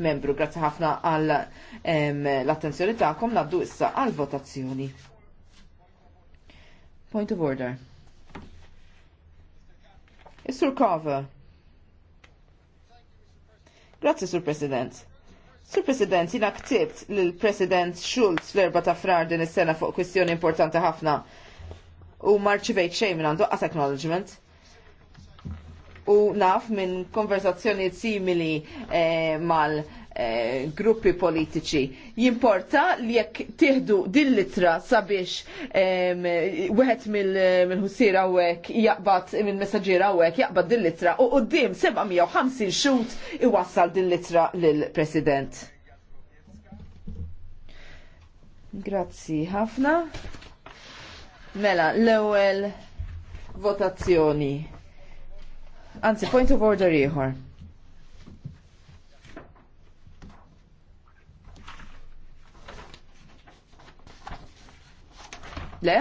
membru. Grazzi ħafna għall l-attenzjoni ta'kom, nabdu issa għal votazzjoni. Point of order. Is-Sur Kava. Grazzi, Sur President. Sur President, jina ktibt l-President Schulz fl-erba ta' frar din is-sena fuq kwistjoni importanti ħafna u marċivejt xejn minn għandu għas acknowledgement u naf minn konversazzjoni simili eh, mal eh, gruppi politiċi. Jimporta li jekk tieħdu din litra sabiex wieħed mill-ħussira hawnhekk jaqbad minn messaġġiera hawnhekk jaqbad din litra u qudiem 750 xut iwassal din litra lill-President. Grazzi ħafna. Mela, l-ewwel votazzjoni. Anzi, point of order iħor. Le?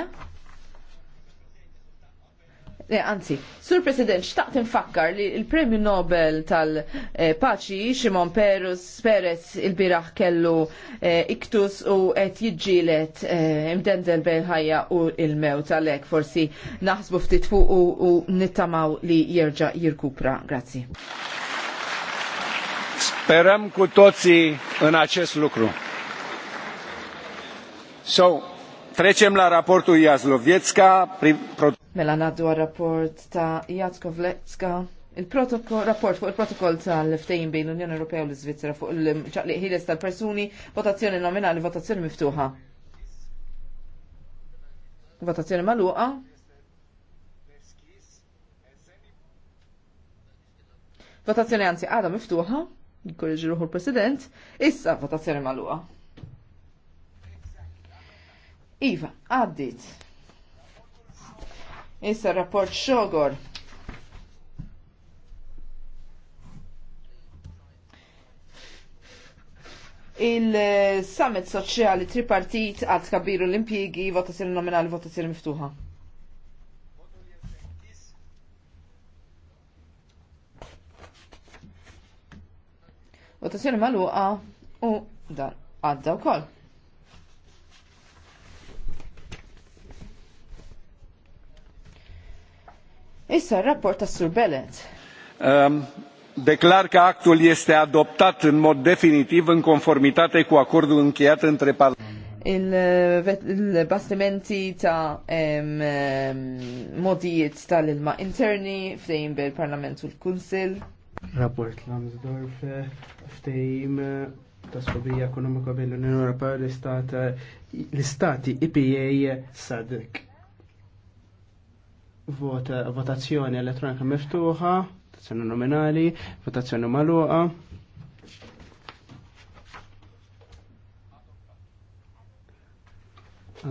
Eh, anzi, Sur President, xtaqt infakkar li il-Premju Nobel tal-Paċi, Ximon Perus, Perez il-biraħ kellu eh, iktus u qed jiġġielet eh, imdendel belħajja u il-mewt għalhekk forsi naħsbu ftit fuq u nittamaw li jerġa' jirkupra. Grazzi. Sperăm ku toții in acest lukru. So, trecem la raportu Iazlovietska. Mela naddu rapport ta' Jatkovletska, il-rapport fuq il-protokoll tal-ftejn bejn l-Unjoni Ewropea u l-Svizzera fuq il-ċaqliq ħiles tal-persuni, votazzjoni nominali, votazzjoni miftuħa. Votazzjoni maluqa. Votazzjoni għanzi għada miftuħa, jkorriġi ruħu l-President, issa votazzjoni maluqa. Iva, għaddit. Issa rapport xogor. Il-summit soċjali tripartit għad kabiru l-impjegi votazzjoni nominali votazzjoni miftuħa. Votazzjoni maluqa u dan għadda u koll. Issa rapport ta' Sur Bellet. Um, ehm, deklar ka aktul jeste adoptat in mod definitiv in în conformitate cu acordul entre pal il-bastimenti ta' um, modijiet tal-ilma interni ftejn bil-Parlament u l-Kunsil. Rapport Lamsdorf ftejn ta' skobija ekonomika bil-Unjoni Ewropea l-Istati IPA e sadik. Vota, votazzjoni elettronika miftuħa, votazzjoni nominali, votazzjoni maluqa.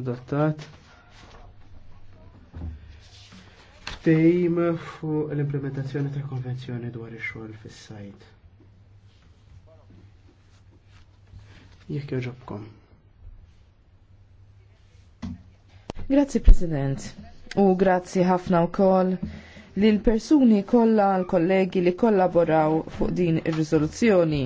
Adottat. Ftejm fuq l-implementazzjoni ta' konvenzjoni dwar ix-xogħol fis-sajt. Jekk joġobkom. Grazie President u grazzi ħafna wkoll lill persuni kollha l-kollegi li kollaboraw fuq din ir-riżoluzzjoni.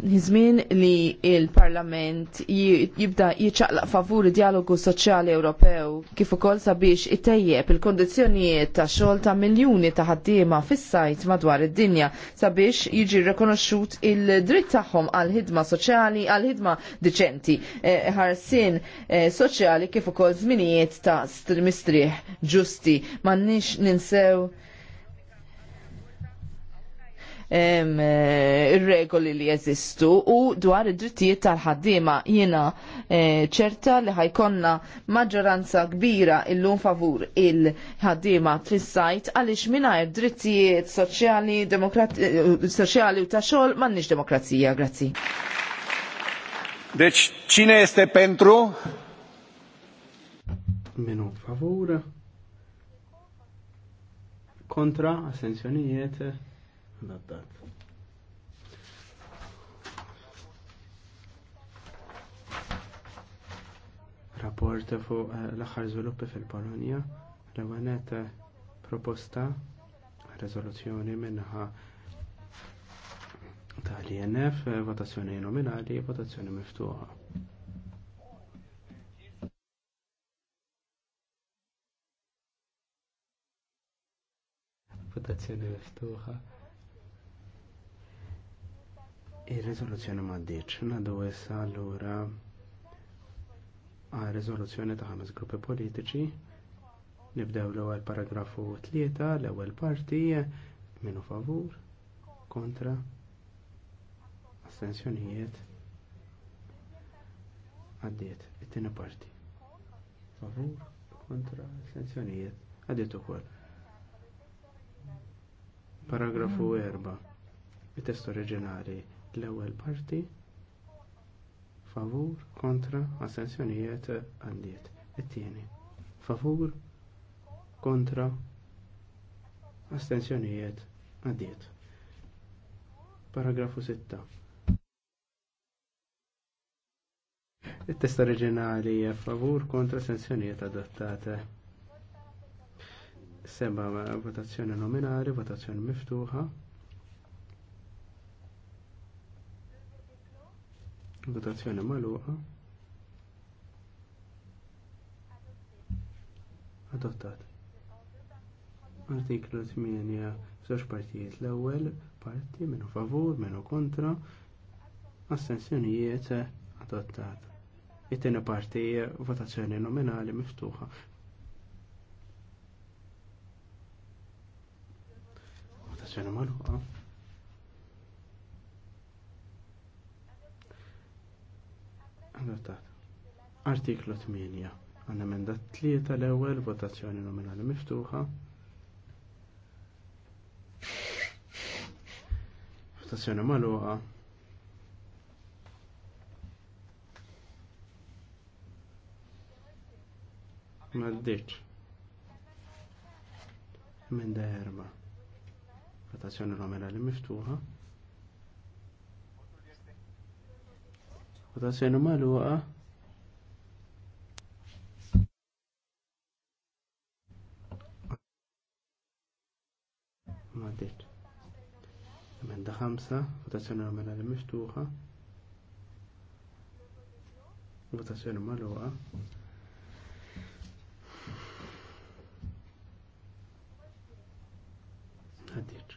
Nizmin li il-Parlament jibda jiċaqlaq favuri dialogu soċjali Ewropew kif ukoll sabiex itejjeb il-kondizzjonijiet ta' xogħol ta' miljuni ta' ħaddiema fis-sajt madwar id-dinja sabiex jiġi rikonoxxut il-dritt tagħhom għal ħidma soċjali għal ħidma diċenti eh, ħarsin eh, soċjali kif ukoll żminijiet ta' mistrieħ ġusti m'għandniex ninsew Eh, ir-regoli li jeżistu u dwar id-drittijiet tal-ħaddiema jiena eh, ċerta li ħajkonna maġġoranza kbira illum favur il-ħaddiema fis-sajt għaliex mingħajr drittijiet soċjali eh, soċjali u ta' xogħol m'għandniex demokrazija. Grazzi. Deċ, cine este pentru? Minu favur. Kontra, assenzjonijiet naddat. Rapport fuq eh, l-aħħar zviluppi fil polonia l għanet eh, proposta rezoluzzjoni minnaħa tal-INF, eh, votazzjoni nominali, votazzjoni miftuħa. votazzjoni miftuħa ir d m'għaddiex. Nadu l allura għal rezoluzzjoni ta' ħames gruppi politiċi. Nibdew l-ewwel paragrafu tlieta, l-ewwel parti minu favur, kontra, astensjonijiet. Għaddiet, it-tieni parti. Favur, kontra, astensjonijiet. Għaddiet ukoll. Paragrafu 4. it-test oriġinali l-ewwel parti favur kontra astensjonijiet għaddiet. It-tieni favur kontra astensjonijiet għaddiet. Paragrafu 6. it test oriġinali favur kontra astensjonijiet adottata. Seba votazzjoni nominali, votazzjoni miftuħa. Votazzjoni maluqa. Adottat. Artiklu 8 zoċ partijiet l-ewwel parti minu favur, minu kontra, astensjonijiet adottat. It-tieni parti votazzjoni nominali miftuħa. Votazzjoni magħluqa. Adottat. Artiklu 8. Għanna menda tlieta l-ewwel votazzjoni nominali miftuħa. Votazzjoni magħluqa. Maddiċ. Menda erba. Votazzjoni nominali miftuħa. Votazzjoni maluqa. Maddiċ. Emenda ħamsa, votazzjoni nominali miftuħa. Votazzjoni maluqa. Maddiċ.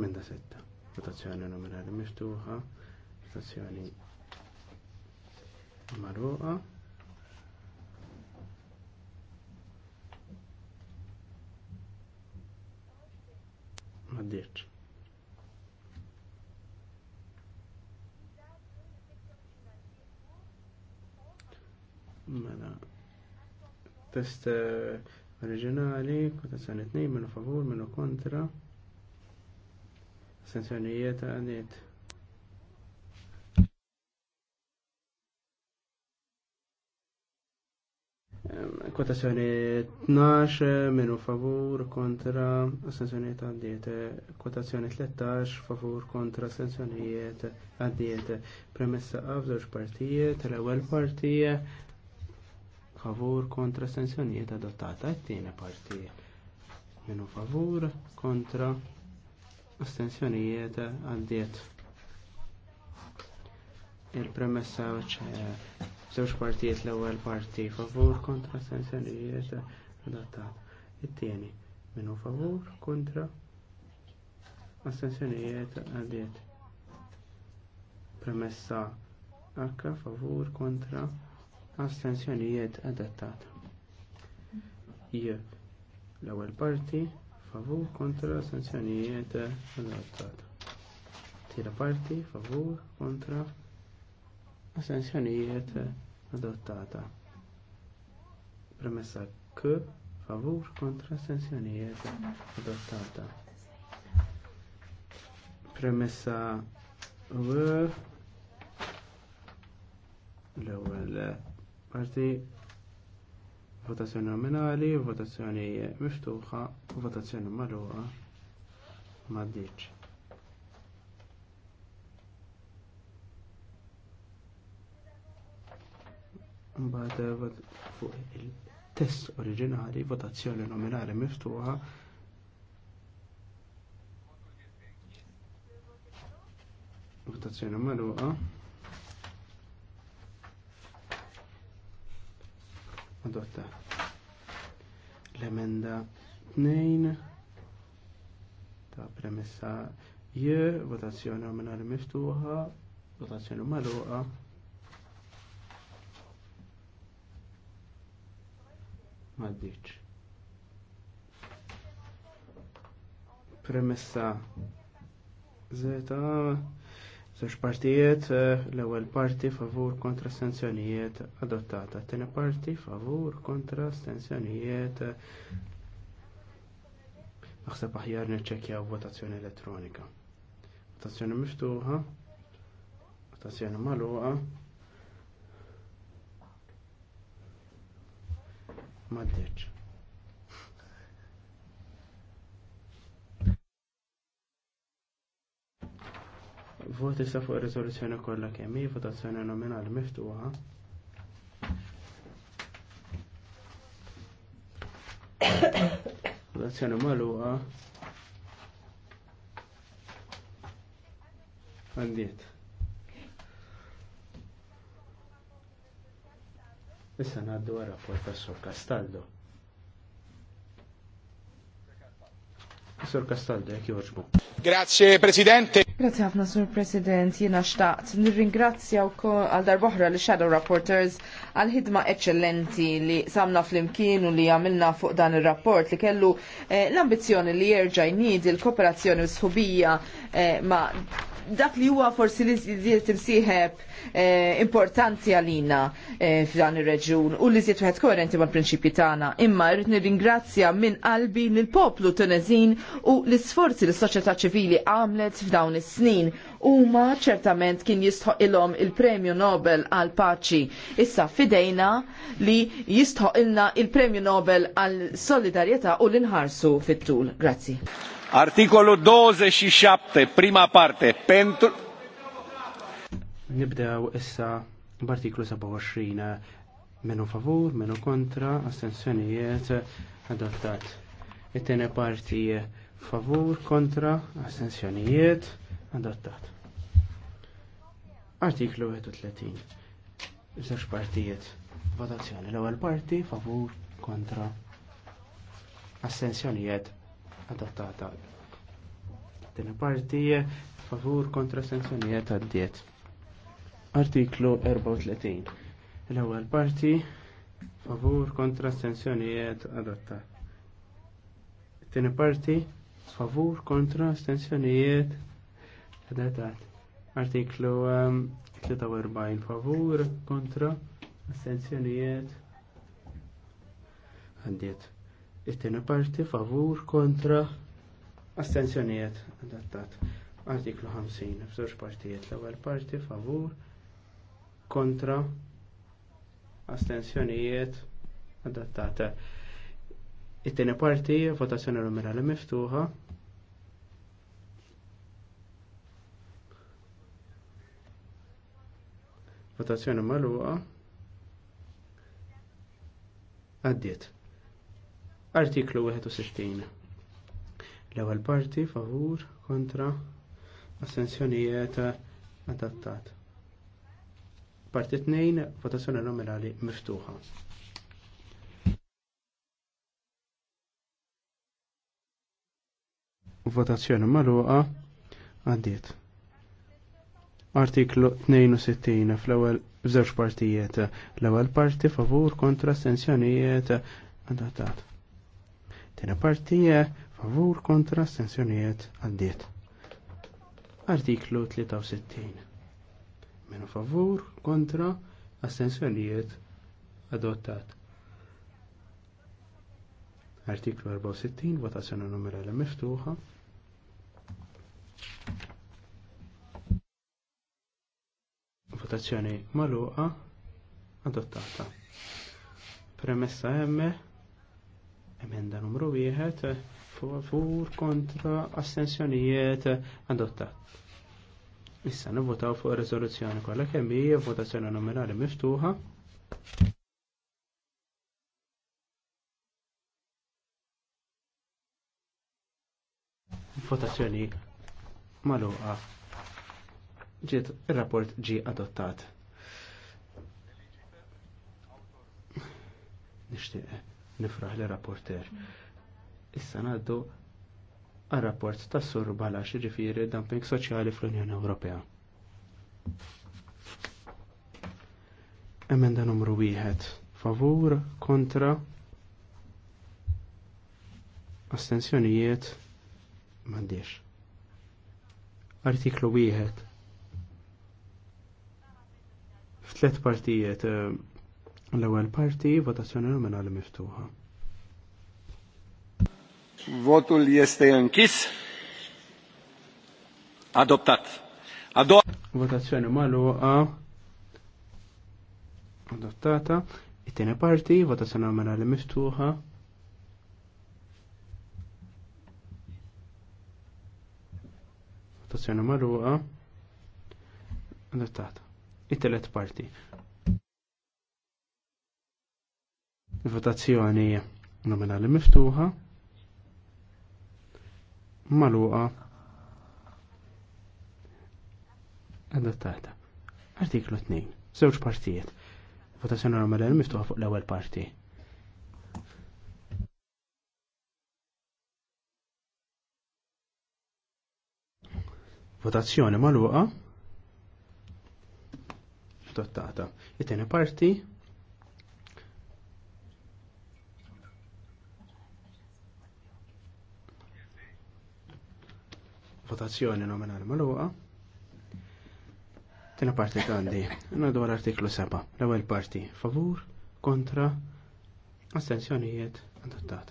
menda setta, votazzjoni nominali miftuħa. Votazzjoni maruqa maddiċ mela test eh, oriġinali kotazzjoni 2 minu favur minu kontra sensjonijiet għanit Kotazzjoni 12 minu favur kontra assenzjoniet għaddiet. Kotazzjoni 13 favur kontra assenzjoniet għaddiet. Premessa għaf żewġ partijiet, l-ewwel partija favur kontra assenzjoniet adottata, t-tieni partija minu favur kontra astensjonijiet għaddiet. Il-premessa ċe Żewġ partijiet l-ewwel parti favur kontra astensjonijiet adattat. It-tieni minnu favur kontra astensjonijiet għaddiet. Premessa H favur kontra astensjonijiet adattat. J l-ewwel parti favur kontra astensjonijiet adattat. Tira parti favur kontra Astensjonijiet adottata. Premessa K. Favur kontra astensjonijiet adottata. Premessa W. L-ewwel parti votazzjoni nominali, votazzjoni miftuħa, votazzjoni magħluqa ma' Mbagħad eh, fuq il-test oriġinali, votazzjoni nominali miftuħa. Votazzjoni magħluqa. Adotta. L-emenda 2 ta' premessa J, votazzjoni nominali miftuħa, votazzjoni magħluqa. maddiċ. Premessa zeta Zoċ partijiet, eh, l ewwel parti favur kontra stenzjonijiet adottata, t tene parti favur kontra stenzjonijiet eh, naħseb aħjar neċċekjaw votazzjoni elettronika. Votazzjoni miftuħa, votazzjoni magħluqa. maddeċ. Voti sa fuq ir-riżoluzzjoni kollha kemm hi votazzjoni nominali miftuħa. Votazzjoni magħluqa. Għandiet. Issa naddu għara rapport tas-Sur Castaldo. Sur Castaldo, jek joġbu. Grazie, Presidente. Grazie ħafna, Sur President. Jena xtaqt. Nirringrazzja u għal darboħra li Shadow Rapporters għal ħidma eccellenti li samna fl-imkien u li għamilna fuq dan il-rapport li kellu eh, l-ambizjoni li jerġa' jnid il-kooperazzjoni u sħubija eh, ma' dak li huwa forsi li timsieħeb eh, importanti għalina eh, f'dan ir-reġun u li żied wieħed koerenti mal-prinċipji tagħna. Imma rrid nirringrazzja minn qalbi lill-poplu Tunezin u l-isforzi li s-soċjetà ċivili għamlet f'dawn is-snin huma ċertament kien jistħoq ilhom il-Premju Nobel għal paċi. Issa fidejna li jistħoq ilna il-Premju Nobel għal solidarjetà u l-inħarsu fit-tul. Grazzi. Articolul 27, prima parte, pentru... Nibdew issa b'artiklu 27, menu favur, menu kontra, astensjonijiet, adottat. it tene parti favur, kontra, astensjonijiet, adottat. Artiklu 31. Żewġ partijiet. Votazzjoni l-ewwel parti favur, kontra, astensjonijiet, Adattata. Tina parti favur kontra sanzjonijiet diet. Artiklu 34. L-ewwel parti favur kontra sanzjonijiet adatta. Tina parti favur kontra sanzjonijiet adattat. Artiklu 43 ehm, favur kontra sanzjonijiet għaddiet it-tieni parti favur kontra astensjonijiet adattat. Artiklu 50 f'żewġ partijiet l-ewwel parti favur kontra astensjonijiet adattata. It-tieni parti votazzjoni numerali miftuħa votazzjoni magħluqa għaddiet. Artiklu 61. L-ewwel parti favur kontra assenzjonijiet adattat. Parti 2 votazzjoni nominali miftuħa. Votazzjoni magħluqa għaddiet. Artiklu 62 fl-ewwel żewġ partijiet. L-ewwel parti favur kontra assenzjonijiet adattat. Tena partija eh, favur kontra astensjonijiet għaddiet. Artiklu 63. Minu favur kontra astensjonijiet adottat. Artiklu 64, votazzjoni numerali miftuħa. Votazzjoni maluqa adottata. Premessa M Emenda numru wieħed favur kontra astensjonijiet adottat. Issa nivvotaw fuq ir-riżoluzzjoni kollha kemm hija votazzjoni nominali miftuħa. Votazzjoni magħluqa. Ġiet ir-rapport ġie adottat. Nixtieq nifraħ li rapporter. Issa naddu għal rapport ta' sur bala xirrifiri dumping soċjali fl-Unjoni Ewropea. Emenda numru wieħed. Favur, kontra, astensjonijiet, mandiex. Artiklu wieħed. F'tlet partijiet, eh, L-ewwel parti votazzjoni nominali miftuħa. Votul jeste jankis. Adoptat. votazzjoni magħluqa adottata. It-tieni parti votazzjoni nominali miftuħa. Votazzjoni magħluqa adottata. It-telet parti Votazzjoni nominali miftuħa. Maluqa. Adottata. Artiklu 2. Żewġ partijiet. Votazzjoni nominali miftuħa fuq l-ewwel parti. Votazzjoni maluqa. Adottata. It-tieni parti votazzjoni nominali maluqa. Tina parti għandi, nadu artiklu 7, l-ewel parti, favur, kontra, astensjonijiet, adottat.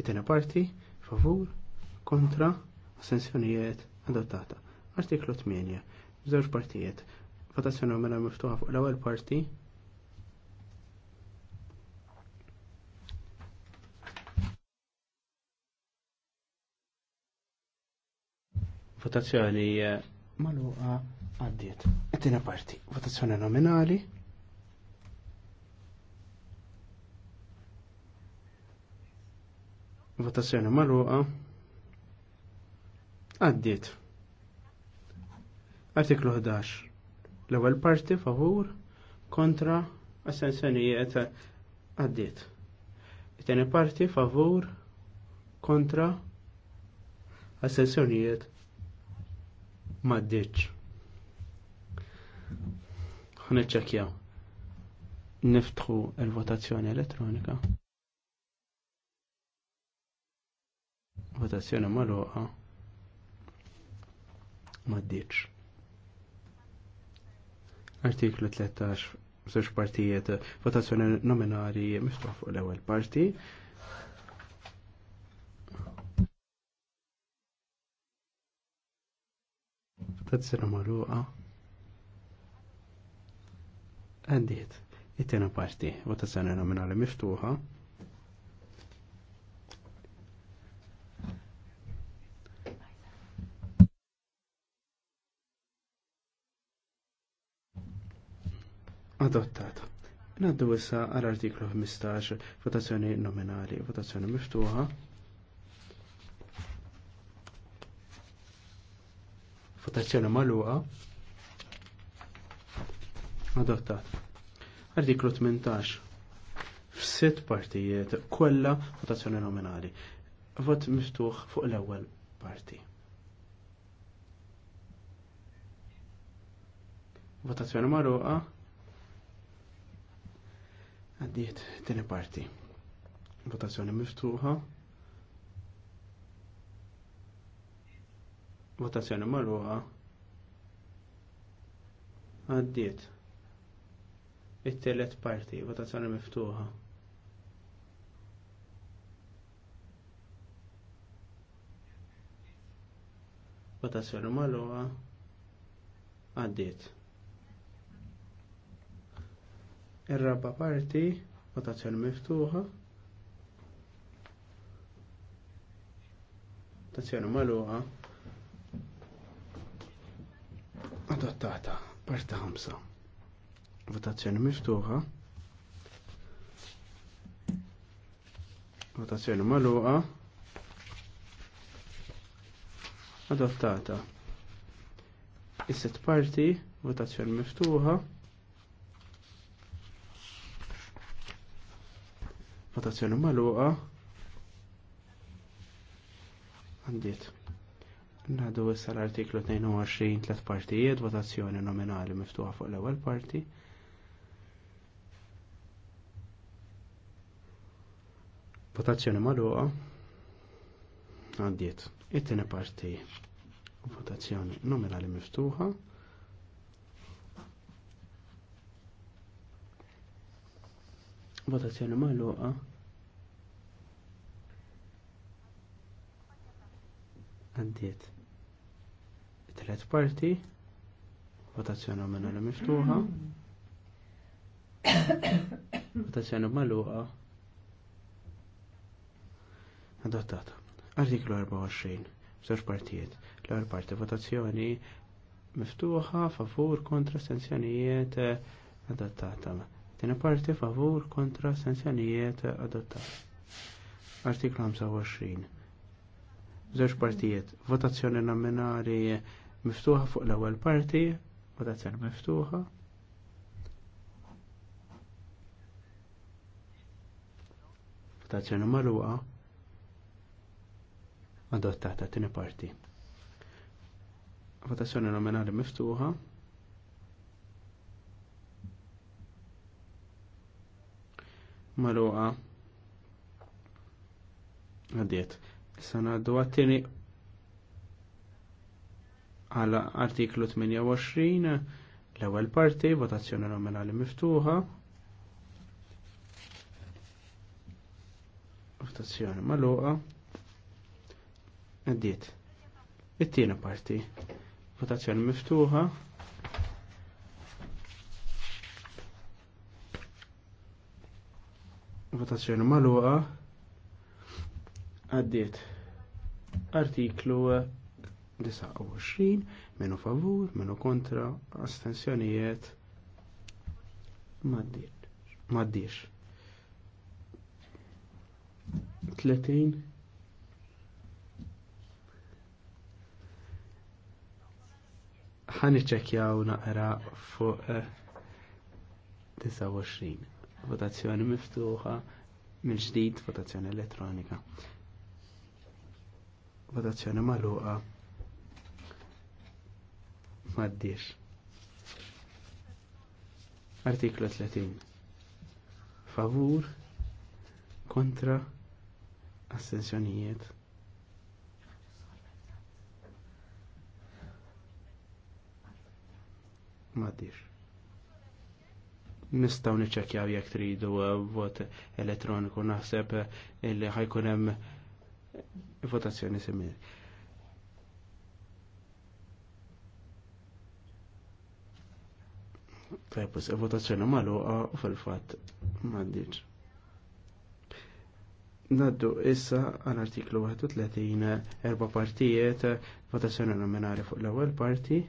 It-tina parti, favur, kontra, astensjonijiet, adottata. Artiklu 8, żewġ partijiet, votazzjoni nominali miftuħa fuq l-ewel parti, votazzjoni eh, maluqa għaddiet. Għattina parti, votazzjoni nominali. Votazzjoni maluqa għaddiet. Artiklu 11. L-ewwel parti favur kontra assenzjonijiet għaddiet. It-tieni parti favur kontra assenzjonijiet maddiċ. Ħanċċekjaw. Niftħu il-votazzjoni elettronika. Votazzjoni magħluqa. Maddiċ. Artiklu 13 żewġ partijiet votazzjoni nominali miftuħ fuq l-ewwel parti. tazzira magħluqa għaddiet it-tiena parti votazzjoni nominali miftuħa adottata. Naddu issa għal artiklu 15 votazzjoni nominali, votazzjoni miftuħa. Votazzjoni magħluqa. Adottat. Artiklu 18. F'sitt partijiet kollha votazzjoni nominali. Vot miftuħ fuq l-ewwel parti. Votazzjoni magħluqa. Għaddiet tieni parti. Votazzjoni miftuħa. Votazzjoni marruħa. Għaddiet. It-telet parti, votazzjoni miftuħa. Votazzjoni marruħa. Għaddiet. il rabba parti, votazzjoni miftuħa. Votazzjoni marruħa. adottata. parta 5. Votazzjoni miftuħa. Votazzjoni magħluqa. Adottata. Is-sitt parti, votazzjoni miftuħa. Votazzjoni magħluqa. Għandiet. Nadu issa l-artiklu 22 tlet partijiet, votazzjoni nominali miftuħa fuq l-ewwel parti. Votazzjoni magħluqa. Għaddiet. It-tieni parti votazzjoni nominali miftuħa. Votazzjoni magħluqa. Għaddiet Tret parti. Votazzjoni nominali miftuħa. Votazzjoni maluħa Adottata. Artiklu 24. Żewġ partijiet. L-ewwel parti votazzjoni miftuħa favur kontra sanzjonijiet eh, adottata. Tieni parti favur kontra sanzjonijiet eh, adottata. Artiklu 25. Żewġ partijiet. Votazzjoni nominali miftuħa fuq l-ewwel parti, votazzjoni miftuħa. Votazzjoni magħluqa adottata tieni parti. Votazzjoni nominali miftuħa. Magħluqa għaddiet. Issa ngħaddu għat-tieni għal artiklu 28 l-ewwel parti votazzjoni nominali miftuħa. Votazzjoni magħluqa. Għaddiet. It-tieni parti. Votazzjoni miftuħa. Votazzjoni magħluqa. Għaddiet. Artiklu 29 menu favur, minu kontra, astensjonijiet maddiex. 30 ħan iċċekjaw naqra fuq 29. Eh, votazzjoni miftuħa, mill-ġdid votazzjoni elettronika. Votazzjoni magħluqa. Maddiex. Artiklu 30. Favur kontra assenzjonijiet. Maddiex. Nistaw niċċekjaw jekk tridu uh, vot elettroniku naħseb uh, illi ħajkunem hemm votazzjoni simili. Tajpus, votazzjoni maluqa u fil-fat maddiċ. Naddu issa għal artiklu 31 erba partijiet votazzjoni nominali fuq l-ewwel parti.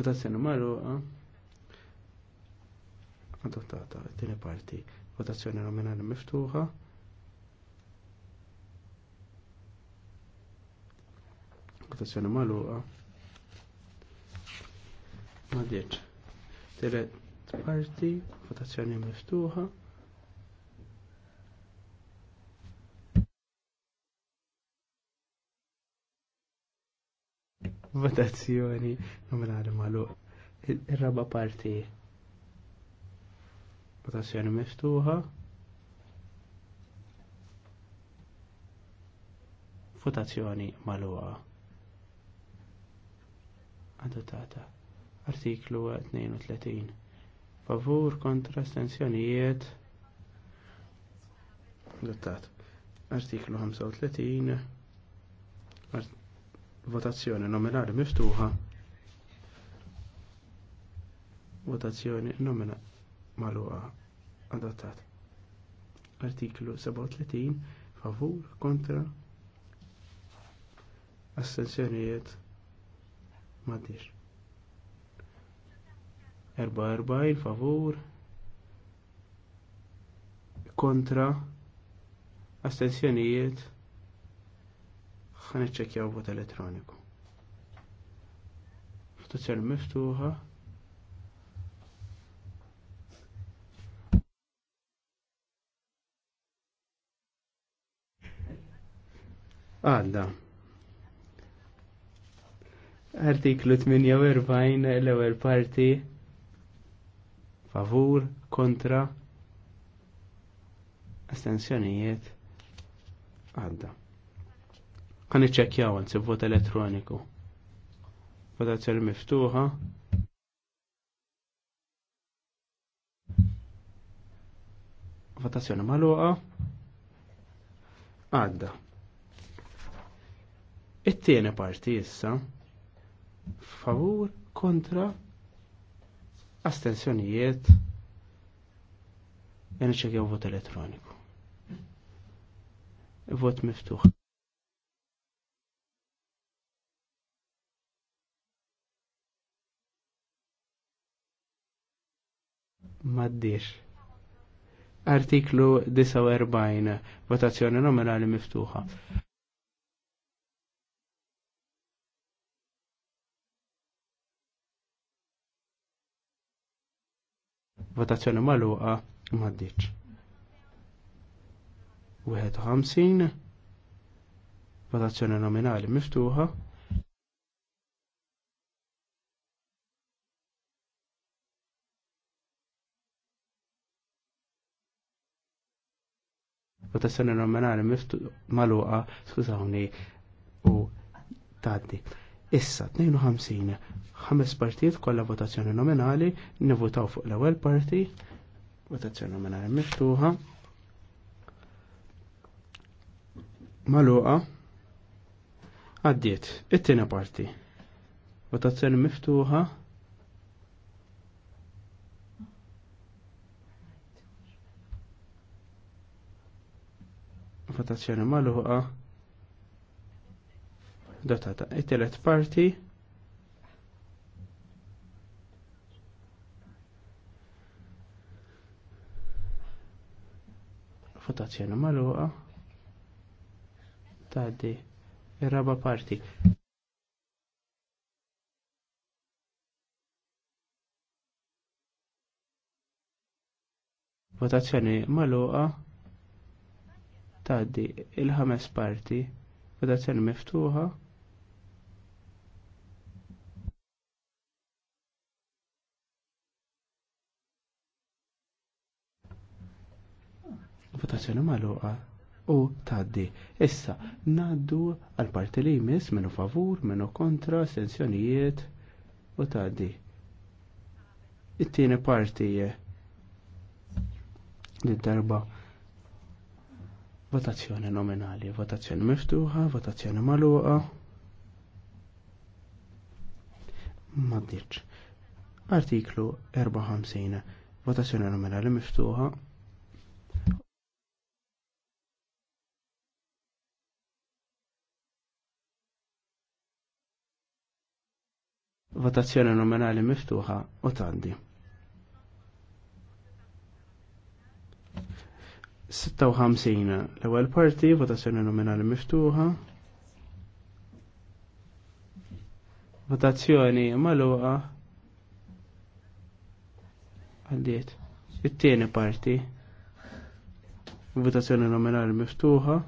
Votazzjoni maluqa adottata t-tieni parti votazzjoni nominali miftuħa. votazzjoni maluqa. Ma diċ. Tiret parti, votazzjoni miftuħa. Votazzjoni nominali maluqa. Il-raba parti. Votazzjoni miftuħa. votazzjoni mal adottata. Artiklu 32. Favur kontra stensjonijiet adottat. Artiklu 35. Art votazzjoni nominali miftuħa. Votazzjoni nominali maluqa adottat. Artiklu 37. Favur kontra astensjonijiet Erba'' il favur kontra astensjonijiet ħanċċekjaw vot elettroniku. Ftuċer miftuħa. Għadda artiklu 48 l-ewwel parti favur kontra astensjonijiet għadda. Għan iċċekjaw għan vot elettroniku. Votazzjoni miftuħa. Votazzjoni maluqa. Għadda. It-tieni parti issa favur kontra astensjonijiet nċekjaw vot elettroniku. Vot miftuħ. Maddiċ. Artiklu 49, votazzjoni nominali miftuħa. votazzjoni maluqa maddiċ. 51 votazzjoni nominali miftuħa votazzjoni nominali maluqa, skużawni, u taddi. Issa 52 ħames partijiet kollha votazzjoni nominali, nivutaw fuq l-ewwel parti, votazzjoni nominali miftuħa. Maluqa għaddiet it-tieni parti. Votazzjoni miftuħa. Votazzjoni maluqa dotata. It-telet e parti votazzjoni magħluqa tgħaddi ir-raba parti. Votazzjoni maluqa tgħaddi il-ħames parti votazzjoni miftuħa votazzjoni magħluqa u taddi. Issa, naddu għal parti li jmiss minnu favur, minnu kontra, sensjonijiet u taddi. It-tieni parti li darba votazzjoni nominali, votazzjoni miftuħa, votazzjoni magħluqa. Maddiċ. Artiklu 54. Votazzjoni nominali miftuħa. Votazzjoni nominali miftuħa u tandi. 56 l-ewwel parti, votazzjoni nominali miftuħa. Votazzjoni magħluqa għaldiet It-tieni parti, votazzjoni nominali miftuħa.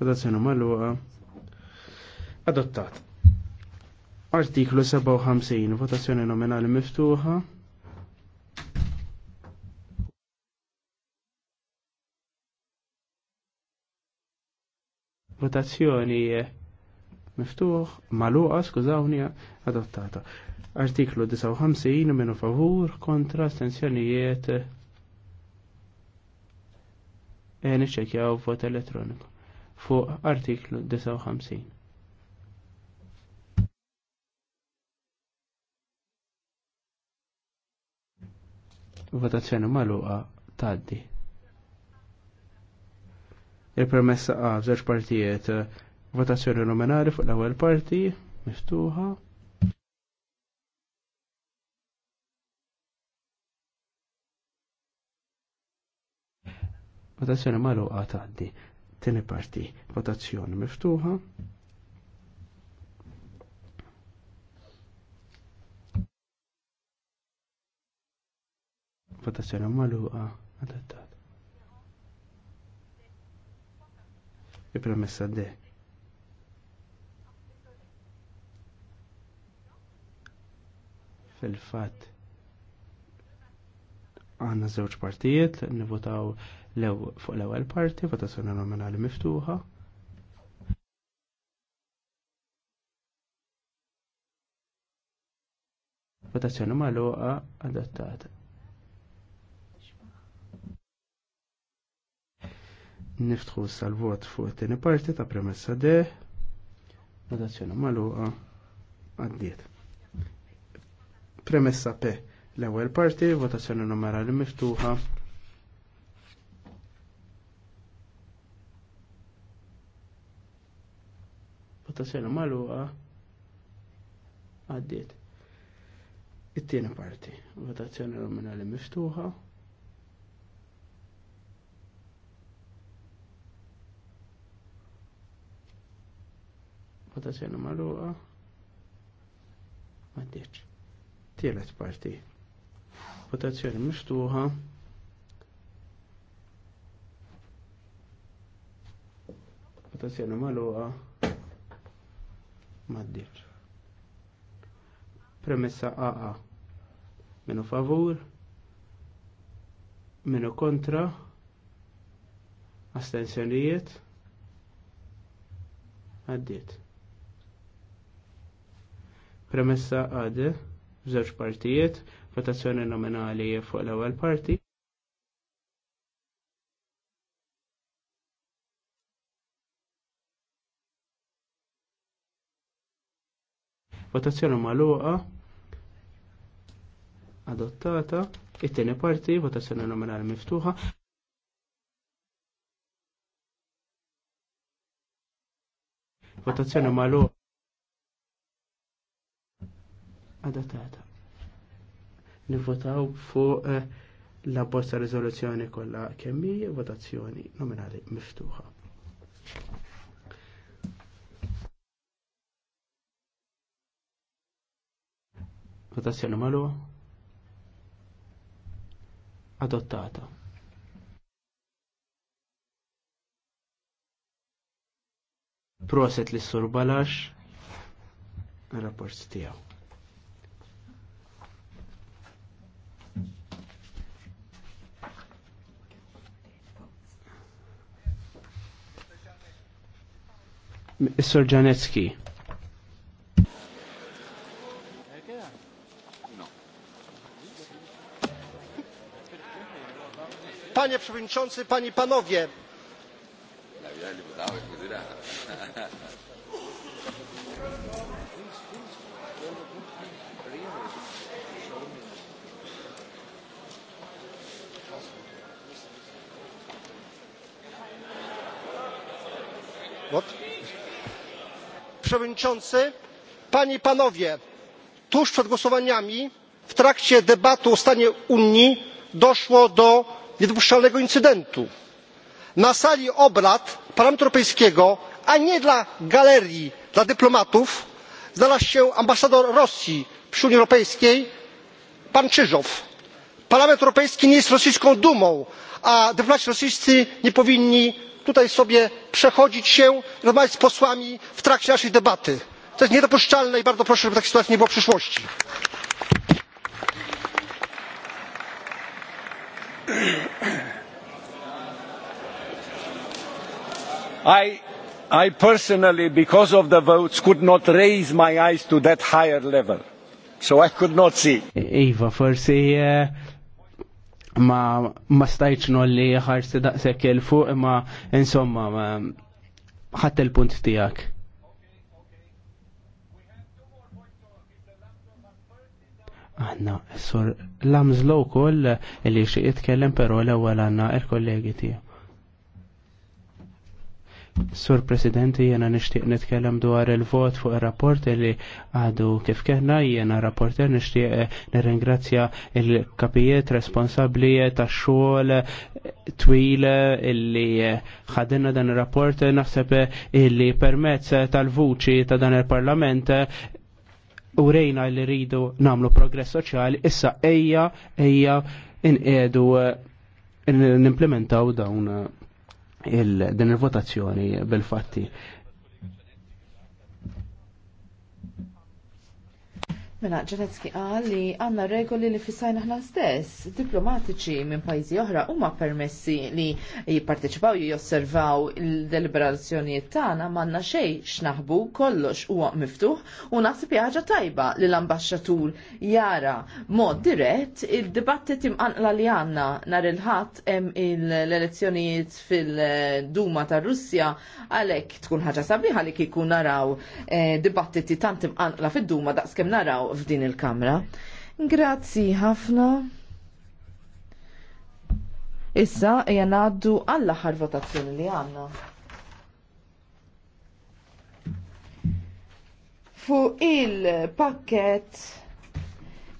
votazzjoni magħluqa adottat. Artiklu 57, votazzjoni nominali miftuħa. Votazzjoni miftuħ, magħluqa, skużawni, adottata. Artiklu 59, minu favur, kontra, stenzjonijiet e niċċekjaw vot elettroniku fuq artiklu 59. Votazzjoni maluqa taddi. Il-permessa A żewġ partijiet votazzjoni nominali fuq l-ewwel parti miftuħa. Votazzjoni maluqa taddi. Tieni parti, votazzjoni miftuħa. Votazzjoni magħluqa adattat. Il-premessa D. Fil-fatt għanna żewġ partijiet, nivotaw fuq l-ewwel parti votazzjoni nominali miftuħa. Votazzjoni magħluqa adottata. Niftħu sal-vot fuq it-tieni parti ta' premessa D. Votazzjoni magħluqa għaddiet. Premessa P. L-ewwel parti, votazzjoni numerali miftuħa. sena maluqa għaddiet. It-tieni parti, votazzjoni nominali miftuħa. Votazzjoni maluqa għaddiet. Tielet parti, votazzjoni miftuħa. Votazzjoni maluqa maddiċ. Premessa AA. Minu favur, minu kontra, astensjonijiet, għaddiet. Premessa għad, bżewġ partijiet, votazzjoni nominali fuq l-ewwel parti, votazzjoni magħluqa adottata, it-tieni parti, votazzjoni nominali miftuħa. Votazzjoni magħluqa adottata. Nivvotaw fuq eh, la bozza riżoluzzjoni kollha kemm votazzjoni nominali miftuħa. votazzjoni malu adottata. Proset li sur Balax, rapport tijaw. Mr. Janetsky. Panie Przewodniczący, Panie i Panowie! przewodniczący! panie i panowie! tuż przed głosowaniami w trakcie debaty o stanie unii doszło do niedopuszczalnego incydentu na sali obrad parlamentu europejskiego a nie dla galerii dla dyplomatów znalazł się ambasador rosji przy unii europejskiej pan czyżow. parlament europejski nie jest rosyjską dumą a dyplomaci rosyjscy nie powinni tutaj sobie przechodzić się i rozmawiać z posłami w trakcie naszej debaty. to jest niedopuszczalne i bardzo proszę żeby takich sytuacji nie było w przyszłości. I, I personally, because of the votes, could not raise my eyes to that higher level. So I could not see. Iva, forsi eh, ma, ma stajċ nolli ħarsi daqsek il-fuq, ma insomma, ħatta il-punt tijak. Għanna, sur Lamzlow koll li xie jitkellem pero l-ewel għanna il-kollegi tiju. Sur Presidenti, jena nishtiq nitkellem dwar il-vot fuq il-rapport li għadu kif kena, jena rapporter nishtiq eh, nirringrazzja il-kapijiet responsabli eh, ta' xogħol eh, twil illi ħadinna dan il-rapport naħseb illi permezz tal-vuċi ta' dan il-parlament u rejna li rridu namlu progress soċjali, issa ejja, ejja edu eh, n-implementaw dawn eh, il-din il-votazzjoni bil-fatti. Mela, ġenetski qal li għanna regoli li fissajna ħna stess, diplomatiċi minn pajzi oħra huma permessi li jipparteċipaw josservaw il-deliberazzjonijiet tagħna m'għandna xejn x'naħbu kollox huwa miftuħ u naħseb ħaġa tajba li l-ambaxxatur jara mod dirett il-dibattit imqanqla li għandna nhar il-ħadd hemm l-elezzjonijiet fil-Duma tar Russja għalhekk tkun ħaġa sabiħa li kikun naraw eh, dibattiti tant imqanqla fid-Duma daqskemm naraw f'din il-Kamra. Grazzi ħafna. Issa hija ngħaddu għall-aħħar votazzjoni li għandna. Fuq il-pakket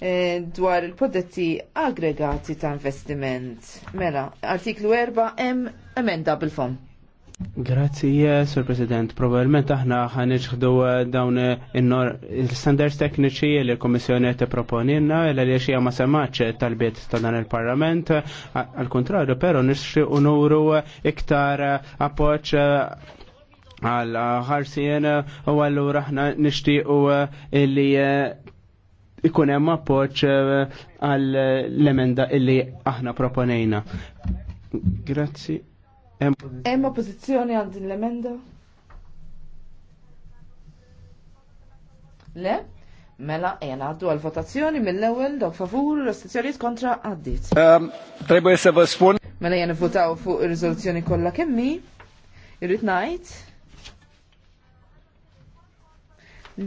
eh, dwar il-prodotti aggregati ta' investiment. Mela, artiklu 4 hemm emenda bil-fond. Grazzi, Sir President. Probabilment aħna ħanġħdu uh, dawn uh, il-standards tekniċi li l-Komissjoni te proponinna l li xie ma semmaċ tal-biet ta' dan il-Parlament. Al-kontrarju, pero nixxi unuru uh, iktar appoċ għal ħarsien u għallu raħna u illi ikun hemm appoġġ għall emenda illi aħna proponejna. Grazzi. Hemm oppożizzjoni għal din l-emenda? Le? Mela, jena għaddu għal votazzjoni mill-ewel dok favur l-ostazzjoniet kontra għaddit. Trebu jessa vaspun. Mela jena votaw fuq il-rizoluzzjoni kolla kemmi. Irrit najt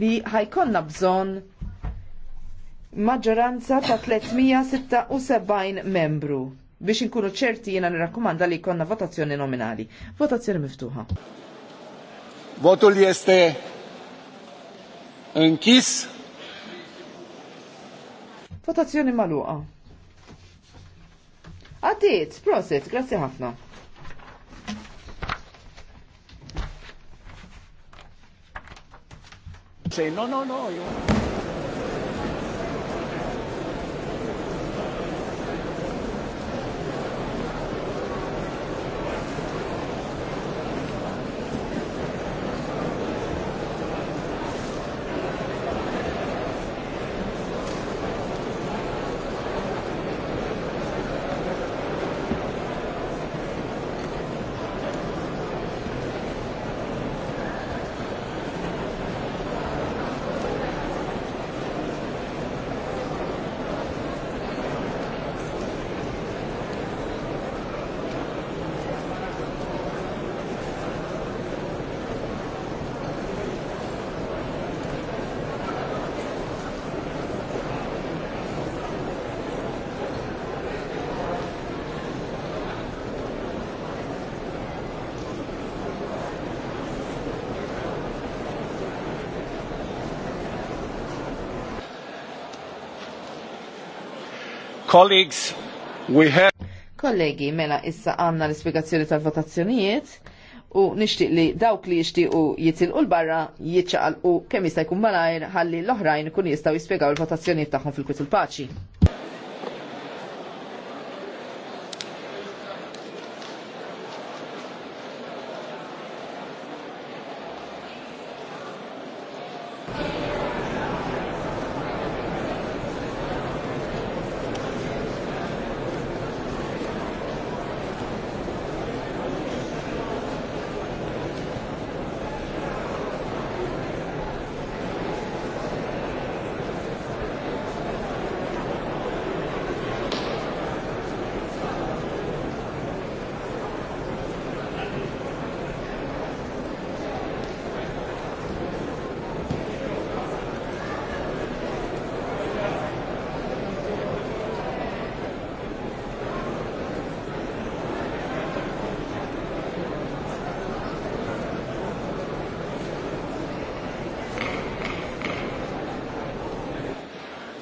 li ħajkonna bżon maġġoranza ta' 376 membru biex inkunu ċerti jiena nirakkomanda li jkollna votazzjoni nominali. Votazzjoni miftuħa. Votul jeste inkis. Votazzjoni magħluqa. Għaddiet, proset, grazie ħafna. Say, no, no, no, you... Colleagues, we have... Kollegi, mela issa għanna l spiegazzjoni tal-votazzjonijiet u nishtiq li dawk li jitil jitilqu l-barra jitxaqalqu kemm jista' jkun malajr ħalli l-oħrajn kun jistgħu jispiegaw il-votazzjonijiet tagħhom fil kwitil paċi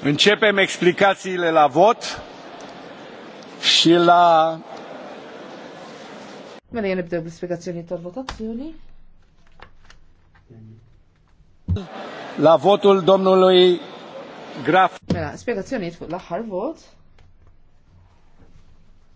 Începem explicațiile la vot și la... Mela jen nebdeu explicațiile tot tal La votul domnului Graf. Mela, explicațiile la har vot.